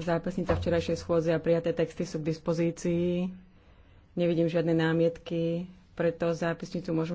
Zápisnica včerajšej schôdze a prijaté texty sú k dispozícii. Nevidím žiadne námietky, preto zápisnicu môžeme